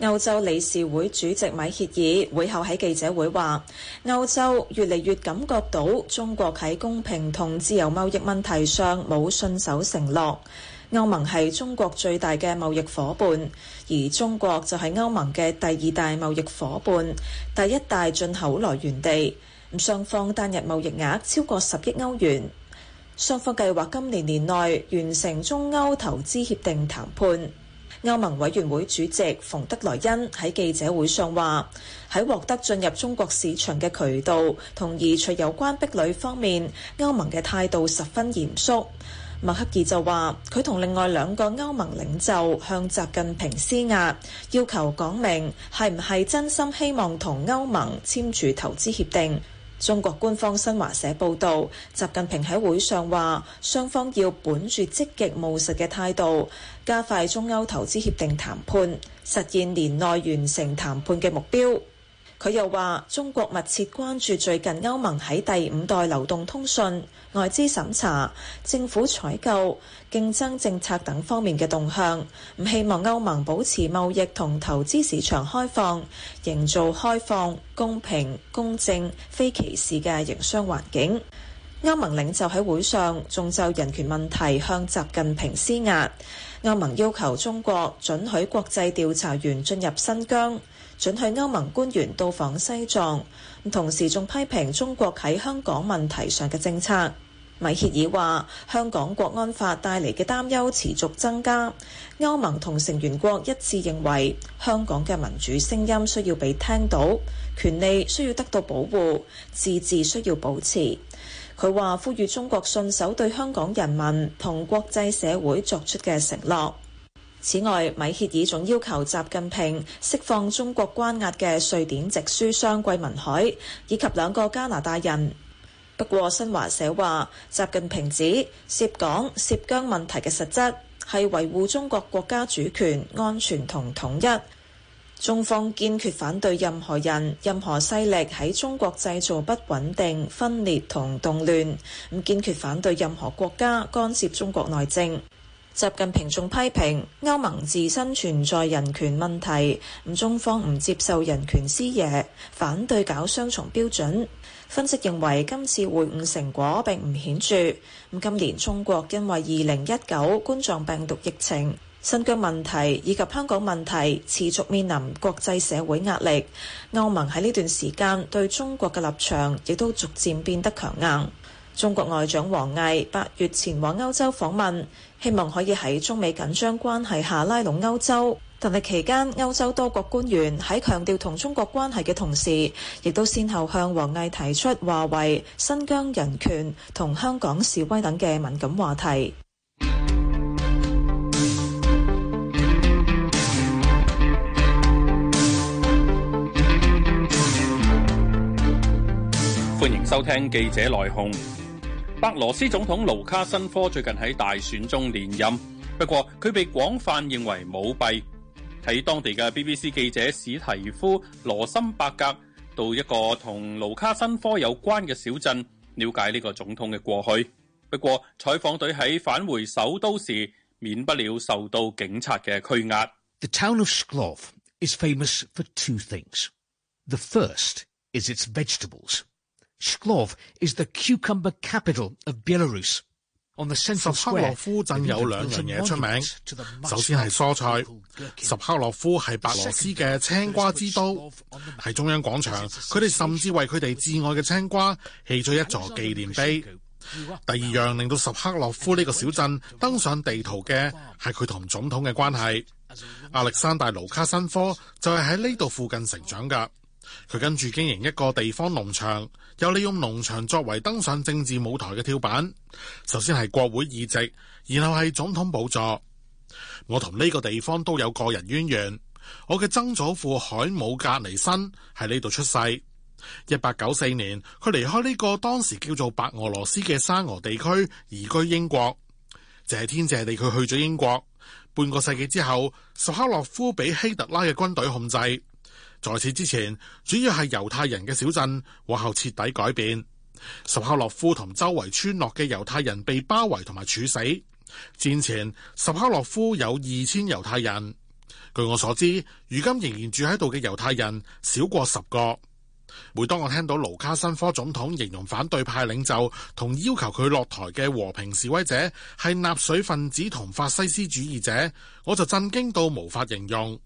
歐洲理事會主席米歇爾會後喺記者會話：歐洲越嚟越感覺到中國喺公平同自由貿易問題上冇信守承諾。歐盟係中國最大嘅貿易夥伴，而中國就係歐盟嘅第二大貿易夥伴，第一大進口來源地。雙方單日貿易額超過十億歐元。雙方計劃今年年內完成中歐投資協定談判。歐盟委員會主席馮德萊恩喺記者會上話：喺獲得進入中國市場嘅渠道，同移除有關壁壘方面，歐盟嘅態度十分嚴肅。默克爾就話：佢同另外兩個歐盟領袖向習近平施壓，要求講明係唔係真心希望同歐盟簽署投資協定。中國官方新華社報道，習近平喺會上話：雙方要本著積極務實嘅態度，加快中歐投資協定談判，實現年內完成談判嘅目標。佢又話：中國密切關注最近歐盟喺第五代流動通訊、外資審查、政府採購、競爭政策等方面嘅動向，唔希望歐盟保持貿易同投資市場開放，營造開放、公平、公正、非歧視嘅營商環境。歐盟領袖喺會上仲就人權問題向習近平施壓，歐盟要求中國准許國際調查員進入新疆。准許歐盟官員到訪西藏，同時仲批評中國喺香港問題上嘅政策。米歇爾話：香港國安法帶嚟嘅擔憂持續增加，歐盟同成員國一致認為香港嘅民主聲音需要被聽到，權利需要得到保護，自治需要保持。佢話：呼籲中國信守對香港人民同國際社會作出嘅承諾。此外，米歇爾仲要求習近平釋放中國關押嘅瑞典籍書商桂文海以及兩個加拿大人。不過，新華社話習近平指涉港涉疆問題嘅實質，係維護中國國家主權安全同統一，中方堅決反對任何人、任何勢力喺中國製造不穩定、分裂同動亂，唔堅決反對任何國家干涉中國內政。習近平仲批評歐盟自身存在人權問題，咁中方唔接受人權師爺，反對搞雙重標準。分析認為，今次會晤成果並唔顯著。咁今年中國因為二零一九冠狀病毒疫情、新疆問題以及香港問題，持續面臨國際社會壓力。歐盟喺呢段時間對中國嘅立場亦都逐漸變得強硬。中國外長王毅八月前往歐洲訪問。希望可以喺中美緊張關係下拉攏歐洲，但係期間歐洲多國官員喺強調同中國關係嘅同時，亦都先後向王毅提出華為、新疆人權同香港示威等嘅敏感話題。歡迎收聽記者來鴻。白羅斯總統盧卡申科最近喺大選中連任，不過佢被廣泛認為舞弊。喺當地嘅 BBC 記者史提夫羅森伯格到一個同盧卡申科有關嘅小鎮，了解呢個總統嘅過去。不過採訪隊喺返回首都時，免不了受到警察嘅拘押。The town of Shklov is famous for two things. The first is its vegetables. Shklov is the cucumber capital of Belarus. On the central square, 什克洛夫鎮有兩樣嘢出名，首先係蔬菜。十克洛夫係白羅斯嘅青瓜之都，係中央廣場，佢哋甚至為佢哋至愛嘅青瓜起咗一座紀念碑。第二樣令到十克洛夫呢個小鎮登上地圖嘅係佢同總統嘅關係。亞歷山大盧卡申科就係喺呢度附近成長噶。佢跟住經營一個地方農場，又利用農場作為登上政治舞台嘅跳板。首先係國會議席，然後係總統寶座。我同呢個地方都有個人淵源。我嘅曾祖父海姆格尼辛喺呢度出世。一八九四年，佢離開呢個當時叫做白俄羅斯嘅沙俄地區，移居英國。謝天謝地，佢去咗英國。半個世紀之後，索哈洛夫俾希特拉嘅軍隊控制。在此之前，主要係猶太人嘅小鎮往後徹底改變。什克洛夫同周圍村落嘅猶太人被包圍同埋處死。戰前什克洛夫有二千猶太人，據我所知，如今仍然住喺度嘅猶太人少過十個。每當我聽到盧卡申科總統形容反對派領袖同要求佢落台嘅和平示威者係納粹分子同法西斯主義者，我就震驚到無法形容。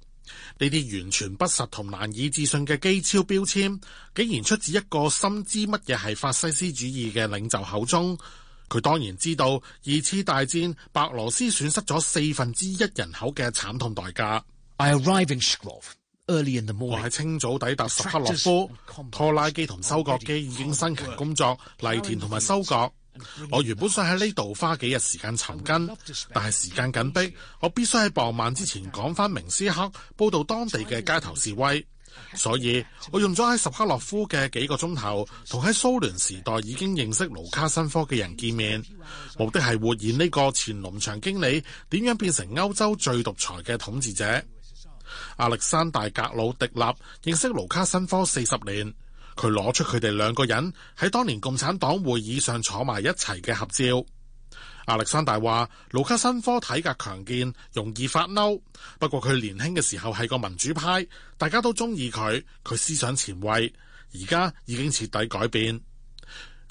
呢啲完全不實同難以置信嘅機超標籤，竟然出自一個深知乜嘢係法西斯主義嘅領袖口中。佢當然知道二次大戰白羅斯損失咗四分之一人口嘅慘痛代價。我喺清早抵達十克洛夫，拖拉機同收割機已經辛勤工作犁田同埋收割。我原本想喺呢度花幾日時間尋根，但係時間緊迫，我必須喺傍晚之前趕返明斯克報道當地嘅街頭示威，所以我用咗喺什克洛夫嘅幾個鐘頭，同喺蘇聯時代已經認識盧卡申科嘅人見面，目的係活現呢個前農場經理點樣變成歐洲最獨裁嘅統治者。阿歷山大格魯迪納認識盧卡申科四十年。佢攞出佢哋兩個人喺當年共產黨會議上坐埋一齊嘅合照。阿歷山大話：盧卡申科體格強健，容易發嬲。不過佢年輕嘅時候係個民主派，大家都中意佢。佢思想前衛，而家已經徹底改變。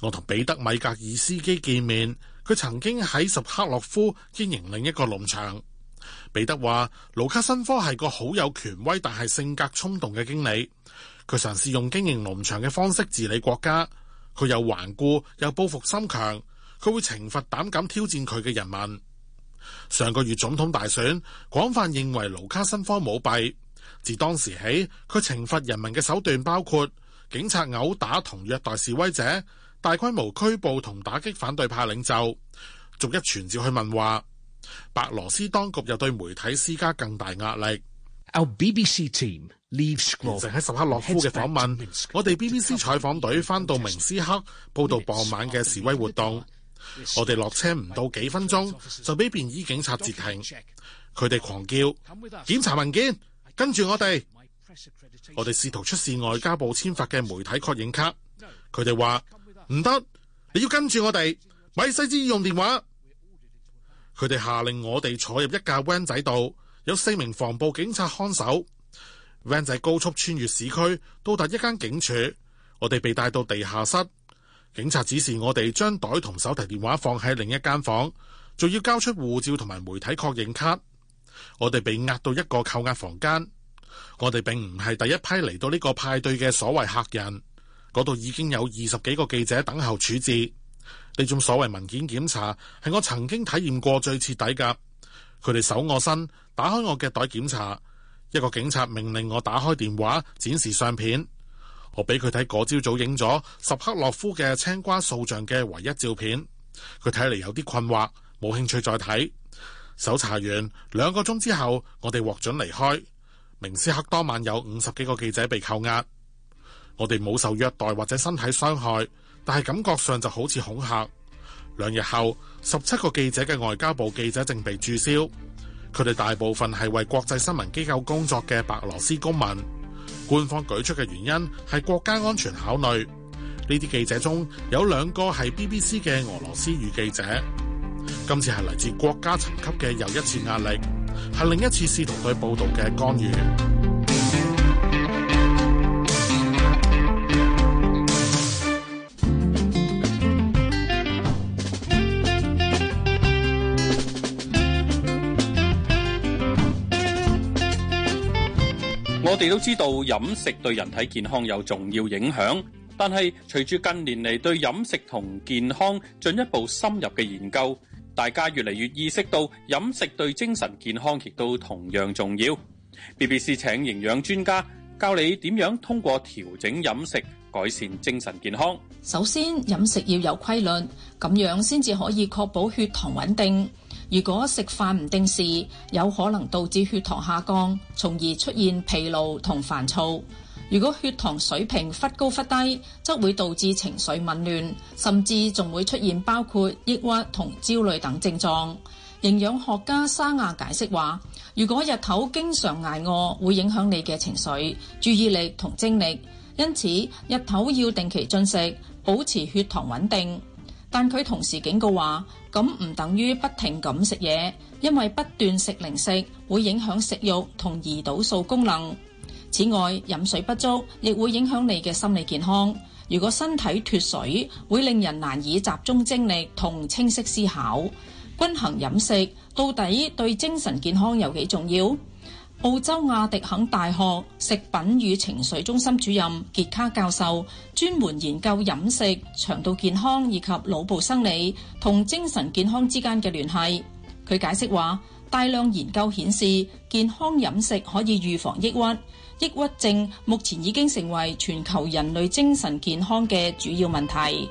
我同彼得米格爾斯基見面，佢曾經喺什克洛夫經營另一個農場。彼得話：盧卡申科係個好有權威，但係性格衝動嘅經理。佢嘗試用經營農場嘅方式治理國家，佢又頑固又報復心強，佢會懲罰膽敢挑戰佢嘅人民。上個月總統大選，廣泛認為盧卡申科舞弊。自當時起，佢懲罰人民嘅手段包括警察毆打同虐待示威者、大規模拘捕同打擊反對派領袖，逐一傳召去問話。白羅斯當局又對媒體施加更大壓力。Our BBC team。喺十克洛夫嘅訪問，我哋 BBC 採訪隊翻到明斯克報導傍晚嘅示威活動。我哋落車唔到幾分鐘，就俾便衣警察截停。佢哋狂叫檢查文件，跟住我哋。我哋試圖出示外交部簽發嘅媒體確認卡，佢哋話唔得，你要跟住我哋，米西之用電話。佢哋下令我哋坐入一架 van 仔度，有四名防暴警察看守。van 仔高速穿越市區，到達一間警署。我哋被帶到地下室，警察指示我哋將袋同手提電話放喺另一間房，仲要交出護照同埋媒體確認卡。我哋被押到一個扣押房間。我哋並唔係第一批嚟到呢個派對嘅所謂客人，嗰度已經有二十幾個記者等候處置。呢種所謂文件檢查係我曾經體驗過最徹底噶。佢哋搜我身，打開我嘅袋檢查。一個警察命令我打開電話，展示相片。我俾佢睇嗰朝早影咗什克洛夫嘅青瓜塑像嘅唯一照片。佢睇嚟有啲困惑，冇興趣再睇。搜查完兩個鐘之後，我哋獲准離開。明斯克當晚有五十幾個記者被扣押。我哋冇受虐待或者身體傷害，但係感覺上就好似恐嚇。兩日後，十七個記者嘅外交部記者證被註銷。佢哋大部分係為國際新聞機構工作嘅白俄羅斯公民。官方舉出嘅原因係國家安全考慮。呢啲記者中有兩個係 BBC 嘅俄羅斯語記者。今次係嚟自國家層級嘅又一次壓力，係另一次試圖對報道嘅干預。我哋都知道飲食對人體健康有重要影響，但係隨住近年嚟對飲食同健康進一步深入嘅研究，大家越嚟越意識到飲食對精神健康亦都同樣重要。BBC 請營養專家教你點樣通過調整飲食改善精神健康。首先，飲食要有規律，咁樣先至可以確保血糖穩定。如果食飯唔定時，有可能導致血糖下降，從而出現疲勞同煩躁。如果血糖水平忽高忽低，則會導致情緒紊亂，甚至仲會出現包括抑鬱同焦慮等症狀。營養學家沙亞解釋話，如果日頭經常捱餓，會影響你嘅情緒、注意力同精力。因此，日頭要定期進食，保持血糖穩定。但佢同時警告話，咁唔等於不停咁食嘢，因為不斷食零食，會影響食欲同胰島素功能。此外，飲水不足，亦會影響你嘅心理健康。如果身體脫水，會令人難以集中精力同清晰思考。均衡飲食，到底對精神健康有幾重要？澳洲亞迪肯大學食品與情緒中心主任傑卡教授，專門研究飲食、腸道健康以及腦部生理同精神健康之間嘅聯繫。佢解釋話：大量研究顯示，健康飲食可以預防抑鬱。抑鬱症目前已經成為全球人類精神健康嘅主要問題。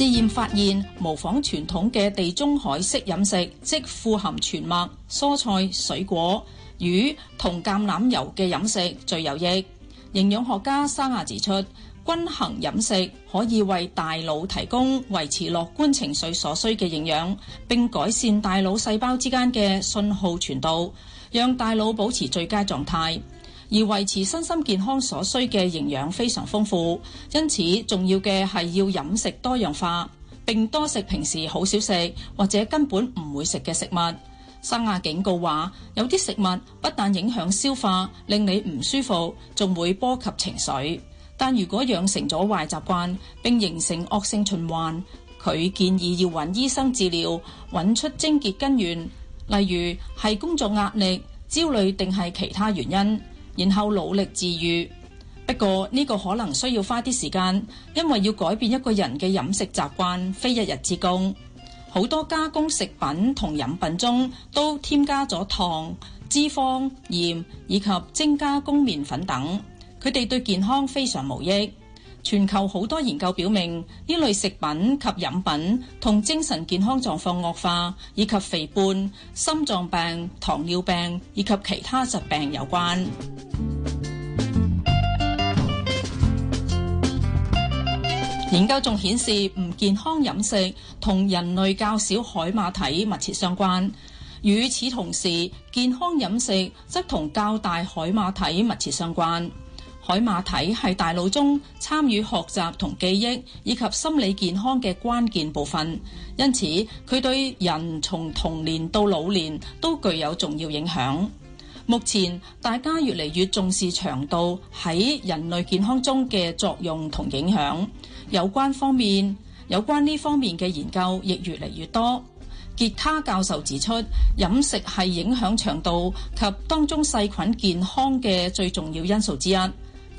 試驗發現，模仿傳統嘅地中海式飲食，即富含全麥、蔬菜、水果、魚同橄欖油嘅飲食，最有益。營養學家沙亞指出，均衡飲食可以為大腦提供維持樂觀情緒所需嘅營養，並改善大腦細胞之間嘅信號傳導，讓大腦保持最佳狀態。而維持身心健康所需嘅營養非常豐富，因此重要嘅係要飲食多樣化，並多食平時好少食或者根本唔會食嘅食物。生亞警告話：有啲食物不但影響消化，令你唔舒服，仲會波及情緒。但如果養成咗壞習慣並形成惡性循環，佢建議要揾醫生治療，揾出症結根源，例如係工作壓力、焦慮定係其他原因。然後努力治愈。不過呢個可能需要花啲時間，因為要改變一個人嘅飲食習慣，非一日之功。好多加工食品同飲品中都添加咗糖、脂肪、鹽以及精加工麵粉等，佢哋對健康非常無益。全球好多研究表明，呢類食品及飲品同精神健康狀況惡化以及肥胖、心臟病、糖尿病以及其他疾病有關。 研究仲顯示，唔健康飲食同人類較少海馬體密切相關；與此同時，健康飲食則同較大海馬體密切相關。海馬體係大腦中參與學習同記憶以及心理健康嘅關鍵部分，因此佢對人從童年到老年都具有重要影響。目前大家越嚟越重視腸道喺人類健康中嘅作用同影響，有關方面有關呢方面嘅研究亦越嚟越多。杰卡教授指出，飲食係影響腸道及當中細菌健康嘅最重要因素之一。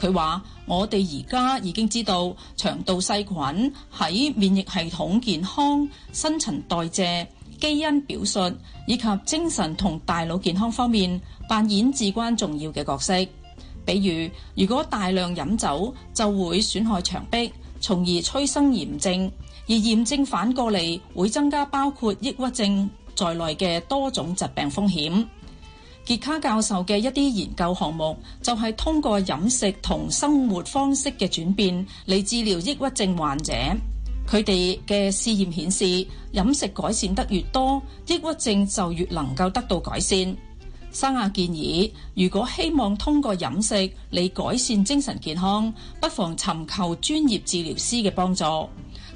佢話：我哋而家已經知道腸道細菌喺免疫系統健康、新陳代謝、基因表述以及精神同大腦健康方面扮演至關重要嘅角色。比如，如果大量飲酒就會損害腸壁，從而催生炎症，而炎症反過嚟會增加包括抑鬱症在內嘅多種疾病風險。傑卡教授嘅一啲研究項目就係通過飲食同生活方式嘅轉變嚟治療抑鬱症患者。佢哋嘅試驗顯示，飲食改善得越多，抑鬱症就越能夠得到改善。沙亞建議，如果希望通過飲食嚟改善精神健康，不妨尋求專業治療師嘅幫助。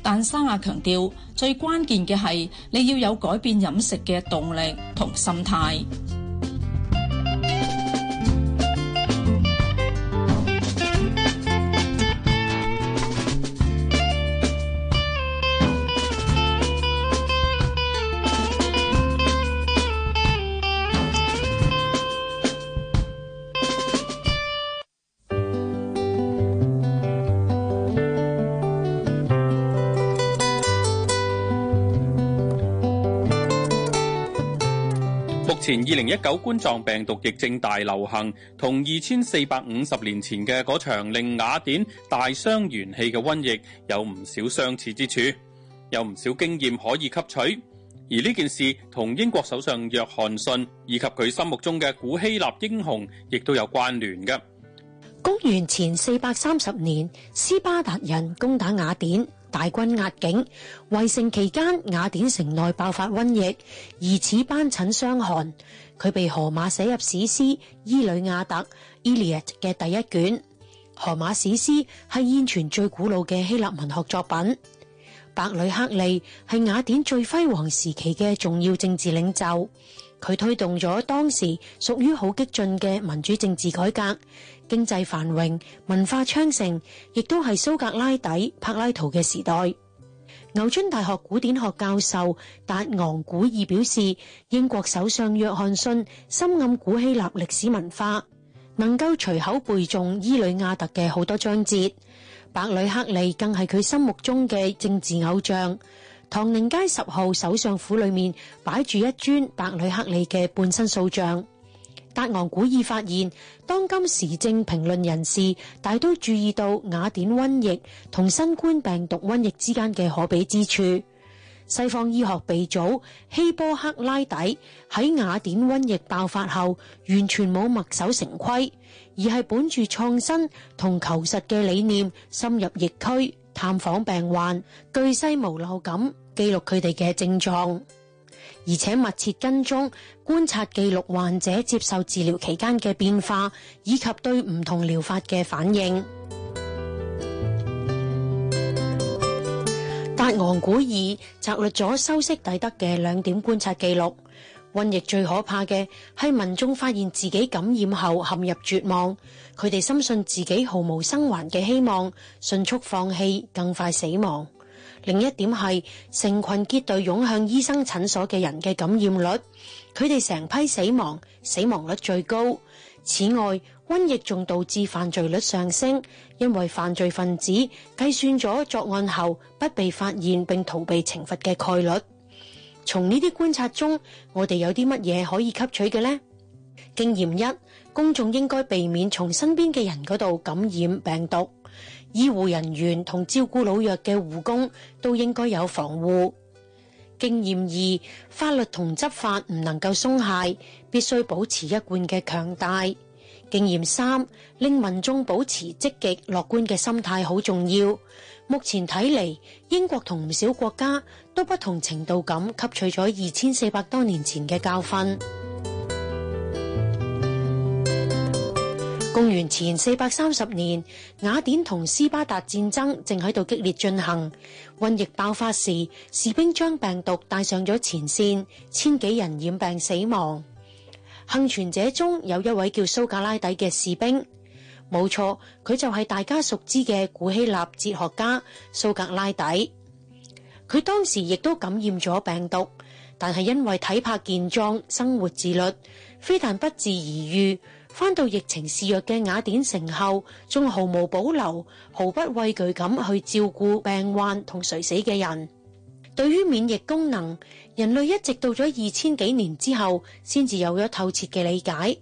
但沙亞強調，最關鍵嘅係你要有改變飲食嘅動力同心態。前二零一九冠狀病毒疫症大流行，同二千四百五十年前嘅嗰場令雅典大傷元氣嘅瘟疫有唔少相似之處，有唔少經驗可以吸取。而呢件事同英國首相約翰遜以及佢心目中嘅古希臘英雄，亦都有關聯嘅。公元前四百三十年，斯巴達人攻打雅典。大軍壓境，圍城期間雅典城內爆發瘟疫，疑似斑疹傷寒。佢被荷馬寫入史詩《伊呂亞特》（Iliad） 嘅第一卷。荷馬史詩係現存最古老嘅希臘文學作品。白呂克利係雅典最輝煌時期嘅重要政治領袖。佢推動咗當時屬於好激進嘅民主政治改革，經濟繁榮，文化昌盛，亦都係蘇格拉底、柏拉圖嘅時代。牛津大學古典學教授達昂古爾表示，英國首相約翰遜深諳古希臘歷史文化，能夠隨口背誦《伊里亞特》嘅好多章節，白里克利更係佢心目中嘅政治偶像。唐寧街十號首相府裏面擺住一尊伯里克利嘅半身塑像。達昂古爾發現，當今時政評論人士大都注意到雅典瘟疫同新冠病毒瘟疫之間嘅可比之處。西方醫學鼻祖希波克拉底喺雅典瘟疫爆發後，完全冇墨守成規，而係本住創新同求實嘅理念深入疫區。探訪病患，巨細無遺咁，記錄佢哋嘅症狀，而且密切跟蹤、觀察記錄、記錄患者接受治療期間嘅變化以及對唔同療法嘅反應。達昂古爾摘錄咗修昔底德嘅兩點觀察記錄。瘟疫最可怕嘅係民眾發現自己感染後陷入絕望，佢哋深信自己毫無生還嘅希望，迅速放棄，更快死亡。另一點係成群結隊湧向醫生診所嘅人嘅感染率，佢哋成批死亡，死亡率最高。此外，瘟疫仲導致犯罪率上升，因為犯罪分子計算咗作案後不被發現並逃避懲罰嘅概率。從呢啲觀察中，我哋有啲乜嘢可以吸取嘅呢？經驗一，公眾應該避免從身邊嘅人嗰度感染病毒。醫護人員同照顧老弱嘅護工都應該有防護。經驗二，法律同執法唔能夠鬆懈，必須保持一貫嘅強大。經驗三，令民眾保持積極、樂觀嘅心態好重要。目前睇嚟，英國同唔少國家。都不同程度咁吸取咗二千四百多年前嘅教訓。公元前四百三十年，雅典同斯巴達戰爭正喺度激烈進行。瘟疫爆發時，士兵將病毒帶上咗前線，千幾人染病死亡。倖存者中有一位叫蘇格拉底嘅士兵，冇錯，佢就係大家熟知嘅古希臘哲學家蘇格拉底。佢當時亦都感染咗病毒，但係因為體魄健壯、生活自律，非但不治而癒。返到疫情肆虐嘅雅典城後，仲毫無保留、毫不畏懼咁去照顧病患同垂死嘅人。對於免疫功能，人類一直到咗二千幾年之後，先至有咗透徹嘅理解。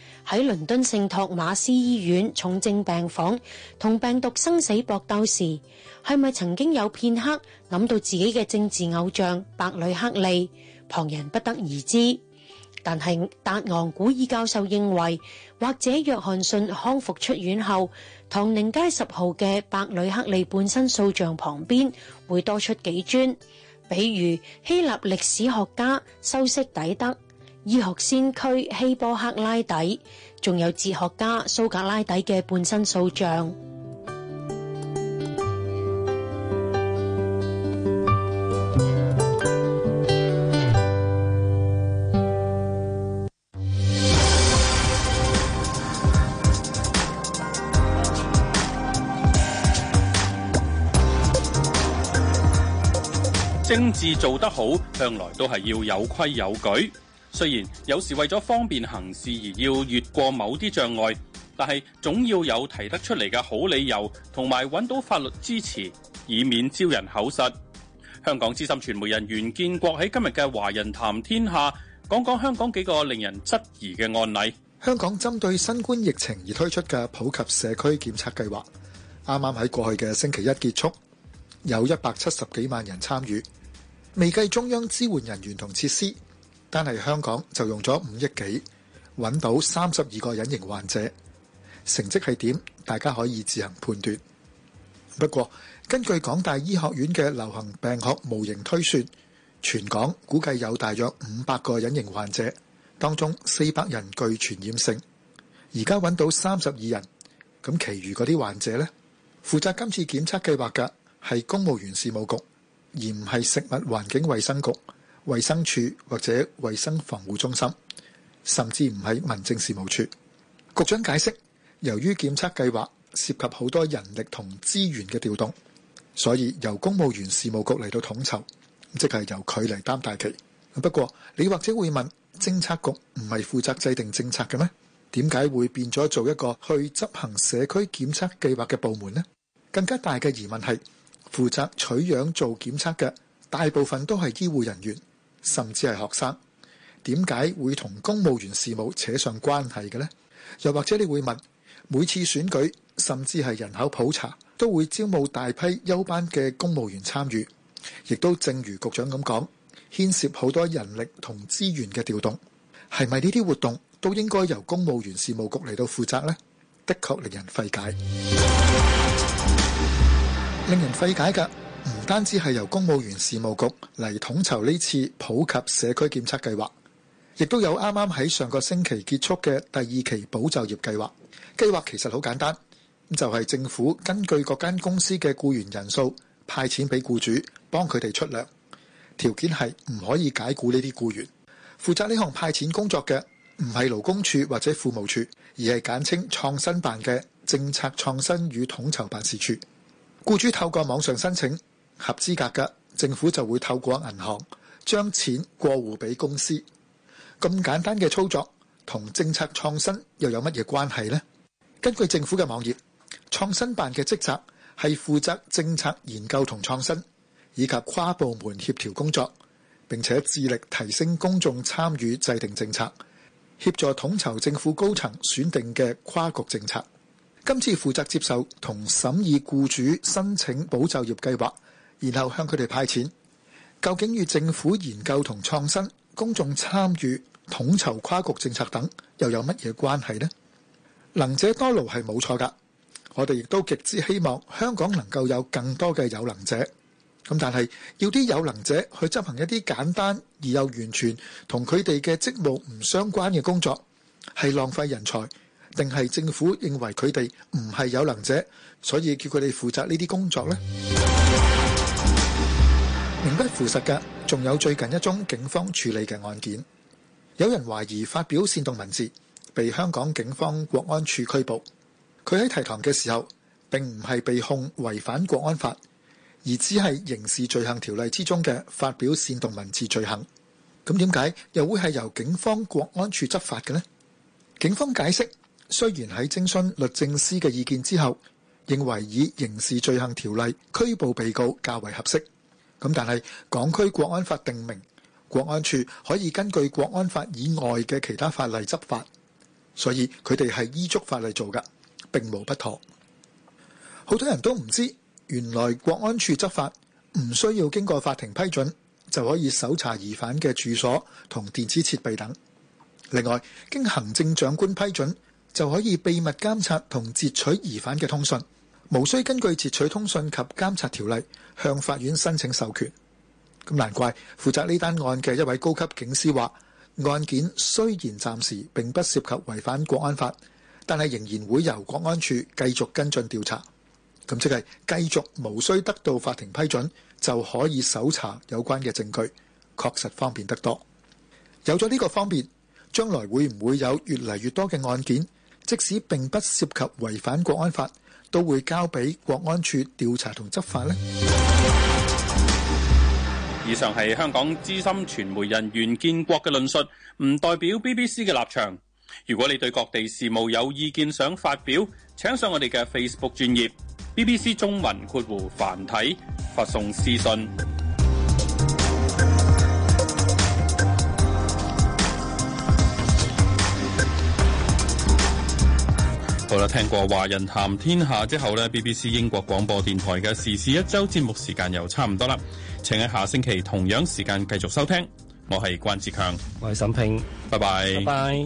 喺倫敦聖托馬斯醫院重症病房同病毒生死搏鬥時，係咪曾經有片刻諗到自己嘅政治偶像白里克利？旁人不得而知。但係達昂古爾教授認為，或者約翰遜康復出院後，唐寧街十號嘅白里克利半身塑像旁邊會多出幾尊，比如希臘歷史學家修昔底德。醫學先驅希波克拉底，仲有哲學家蘇格拉底嘅半身塑像。政治做得好，向來都係要有規有矩。雖然有時為咗方便行事而要越過某啲障礙，但係總要有提得出嚟嘅好理由，同埋揾到法律支持，以免招人口實。香港資深傳媒人袁建國喺今日嘅《華人談天下》講講香港幾個令人質疑嘅案例。香港針對新冠疫情而推出嘅普及社區檢測計劃，啱啱喺過去嘅星期一結束，有一百七十幾萬人參與，未計中央支援人員同設施。單係香港就用咗五億幾揾到三十二個隱形患者，成績係點？大家可以自行判斷。不過根據港大醫學院嘅流行病學模型推算，全港估計有大約五百個隱形患者，當中四百人具傳染性。而家揾到三十二人，咁其餘嗰啲患者呢？負責今次檢測計劃嘅係公務員事務局，而唔係食物環境衞生局。衛生署或者衛生防護中心，甚至唔係民政事務處。局長解釋，由於檢測計劃涉及好多人力同資源嘅調動，所以由公務員事務局嚟到統籌，即係由佢嚟擔大旗。不過你或者會問，政策局唔係負責制定政策嘅咩？點解會變咗做一個去執行社區檢測計劃嘅部門呢？更加大嘅疑問係，負責取樣做檢測嘅大部分都係醫護人員。甚至係學生，點解會同公務員事務扯上關係嘅呢？又或者你會問，每次選舉甚至係人口普查，都會招募大批休班嘅公務員參與，亦都正如局長咁講，牽涉好多人力同資源嘅調動，係咪呢啲活動都應該由公務員事務局嚟到負責呢？的確令人費解， 令人費解㗎。唔單止係由公務員事務局嚟統籌呢次普及社區檢測計劃，亦都有啱啱喺上個星期結束嘅第二期保就業計劃。計劃其實好簡單，就係政府根據各間公司嘅僱員人數派錢俾僱主幫佢哋出糧，條件係唔可以解僱呢啲僱員。負責呢項派錢工作嘅唔係勞工處或者服務處，而係簡稱創新辦嘅政策創新與統籌辦事處。僱主透過網上申請。合資格嘅政府就會透過銀行將錢過戶俾公司。咁簡單嘅操作同政策創新又有乜嘢關係呢？根據政府嘅網頁，創新辦嘅職責係負責政策研究同創新，以及跨部門協調工作，並且致力提升公眾參與制定政策，協助統籌政府高層選定嘅跨局政策。今次負責接受同審議僱主申請保就業計劃。然後向佢哋派錢，究竟與政府研究同創新、公眾參與、統籌跨局政策等又有乜嘢關係呢？能者多勞係冇錯噶，我哋亦都極之希望香港能夠有更多嘅有能者。咁但係要啲有能者去執行一啲簡單而又完全同佢哋嘅職務唔相關嘅工作，係浪費人才，定係政府認為佢哋唔係有能者，所以叫佢哋負責呢啲工作呢？名不符實嘅，仲有最近一宗警方處理嘅案件，有人懷疑發表煽動文字，被香港警方國安處拘捕。佢喺提堂嘅時候，並唔係被控違反國安法，而只係刑事罪行條例之中嘅發表煽動文字罪行。咁點解又會係由警方國安處執法嘅呢？警方解釋，雖然喺徵詢律政司嘅意見之後，認為以刑事罪行條例拘捕被告較為合適。咁但係港區國安法定明，國安處可以根據國安法以外嘅其他法例執法，所以佢哋係依足法例做㗎，並無不妥。好多人都唔知，原來國安處執法唔需要經過法庭批准，就可以搜查疑犯嘅住所同電子設備等。另外，經行政長官批准，就可以秘密監察同截取疑犯嘅通訊。無需根據截取通訊及監察條例向法院申請授權，咁難怪負責呢單案嘅一位高級警司話：案件雖然暫時並不涉及違反國安法，但係仍然會由國安處繼續跟進調查。咁即係繼續無需得到法庭批准就可以搜查有關嘅證據，確實方便得多。有咗呢個方便，將來會唔會有越嚟越多嘅案件，即使並不涉及違反國安法？都會交俾國安處調查同執法呢。以上係香港資深傳媒人袁建國嘅論述，唔代表 BBC 嘅立場。如果你對各地事務有意見想發表，請上我哋嘅 Facebook 專頁，BBC 中文括弧繁體，發送私信。好啦，聽過華人談天下之後呢，BBC 英國廣播電台嘅時事一周節目時間又差唔多啦。請喺下星期同樣時間繼續收聽。我係關志強，我係沈平，拜拜 bye。拜。